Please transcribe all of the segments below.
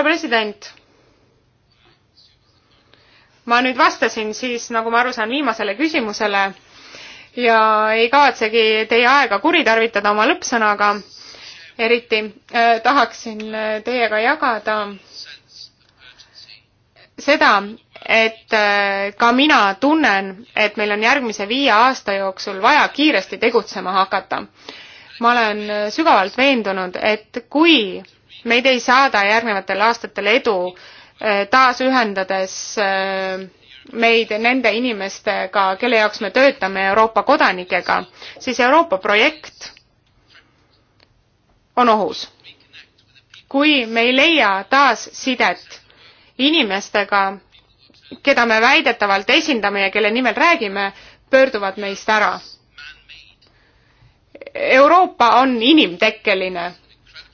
härra president, ma nüüd vastasin siis, nagu ma aru saan, viimasele küsimusele ja ei kavatsegi teie aega kuritarvitada oma lõppsõnaga eriti eh,. tahaksin äh, teiega jagada seda, et äh, ka mina tunnen, et meil on järgmise viie aasta jooksul vaja kiiresti tegutsema hakata. ma olen sügavalt veendunud, et kui meid ei saada järgnevatel aastatel edu eh, taasühendades eh, meid nende inimestega, kelle jaoks me töötame, Euroopa kodanikega, siis Euroopa projekt on ohus. kui me ei leia taas sidet inimestega, keda me väidetavalt esindame ja kelle nimel räägime, pöörduvad meist ära. Euroopa on inimtekkeline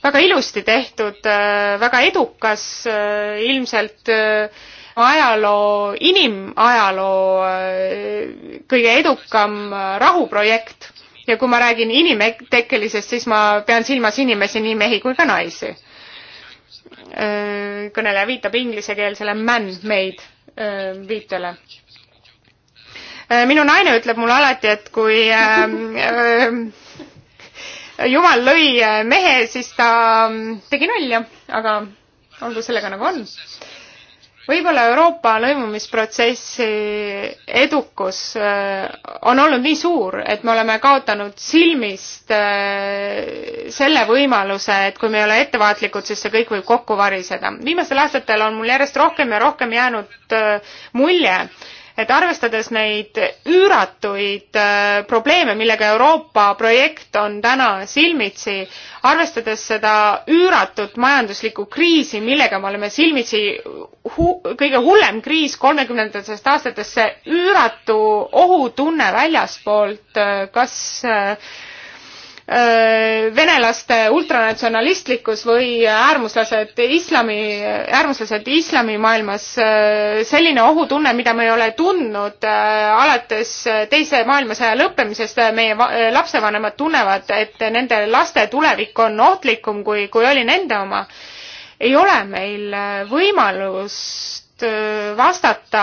väga ilusti tehtud, äh, väga edukas, äh, ilmselt äh, ajaloo, inimajaloo kõige edukam rahuprojekt. ja kui ma räägin inimtekkelisest, siis ma pean silmas inimesi, nii mehi kui ka naisi. kõneleja viitab inglisekeelsele man-made viitele minu naine ütleb mulle alati, et kui äh, äh, jumal lõi äh, mehe, siis ta mm, tegi nalja, aga olgu sellega nagu on. võib-olla Euroopa lõimumisprotsessi edukus äh, on olnud nii suur, et me oleme kaotanud silmist äh, selle võimaluse, et kui me ei ole ettevaatlikud, siis see kõik võib kokku variseda. viimastel aastatel on mul järjest rohkem ja rohkem jäänud mulje, et arvestades neid üüratuid äh, probleeme, millega Euroopa projekt on täna silmitsi, arvestades seda üüratut majanduslikku kriisi, millega me oleme silmitsi hu, kõige hullem kriis kolmekümnendatest aastatest, see üüratu ohutunne väljaspoolt, äh, kas äh, Äh, venelaste ultranatsionalistlikkus või äärmuslased islami, äärmuslased islamimaailmas, äh, selline ohutunne, mida me ei ole tundnud äh, alates Teise maailmasõja lõppemisest, meie lapsevanemad tunnevad, et nende laste tulevik on ohtlikum, kui, kui oli nende oma, ei ole meil võimalust vastata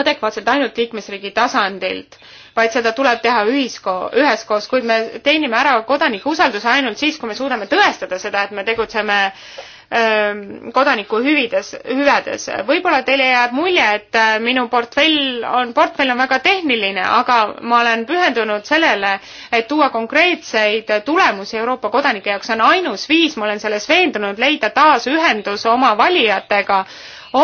adekvaatselt ainult liikmesriigi tasandilt, vaid seda tuleb teha ühisko-, üheskoos, kuid me teenime ära kodanike usalduse ainult siis, kui me suudame tõestada seda, et me tegutseme äh, Ähm, kodaniku hüvides, hüvedes. võib-olla teile jääb mulje, et äh, minu portfell on, portfell on väga tehniline, aga ma olen pühendunud sellele, et tuua konkreetseid tulemusi Euroopa kodanike jaoks, see on ainus viis, ma olen selles veendunud, leida taas ühendus oma valijatega,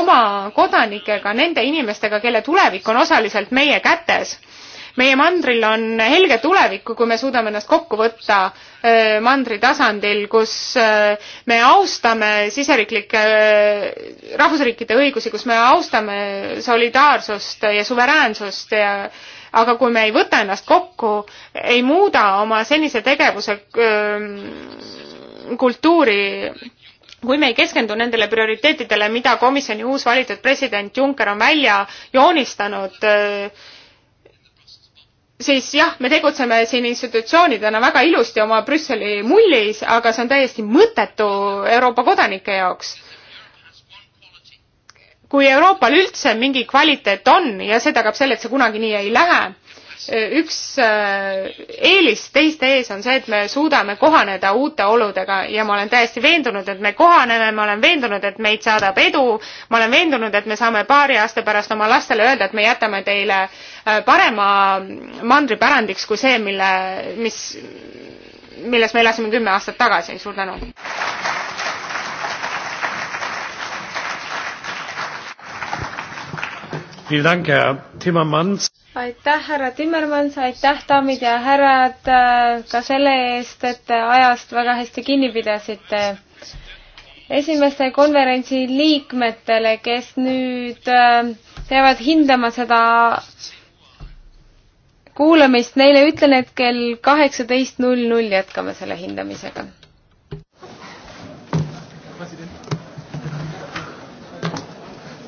oma kodanikega, nende inimestega, kelle tulevik on osaliselt meie kätes meie mandril on helge tulevikku, kui me suudame ennast kokku võtta mandri tasandil, kus me austame siseriiklike, rahvusriikide õigusi, kus me austame solidaarsust ja suveräänsust ja aga kui me ei võta ennast kokku, ei muuda oma senise tegevuse kultuuri kui me ei keskendu nendele prioriteetidele, mida komisjoni uus valitud president Juncker on välja joonistanud äh, siis jah, me tegutseme siin institutsioonidena väga ilusti oma Brüsseli mullis, aga see on täiesti mõttetu Euroopa kodanike jaoks. kui Euroopal üldse mingi kvaliteet on ja see tagab selle, et see kunagi nii ei lähe, üks äh, eelis teiste ees on see, et me suudame kohaneda uute oludega ja ma olen täiesti veendunud, et me kohaneme, ma olen veendunud, et meid saadab edu, ma olen veendunud, et me saame paari aasta pärast oma lastele öelda, et me jätame teile äh, parema mandripärandiks kui see, mille, mis, milles me elasime kümme aastat tagasi, suur tänu! Vielen Dank, Herr Timmermans aitäh, härra Timmermans, aitäh, daamid ja härrad, äh, ka selle eest, et te ajast väga hästi kinni pidasite esimeste konverentsi liikmetele, kes nüüd äh, peavad hindama seda kuulamist, neile ütlen, et kell kaheksateist null null jätkame selle hindamisega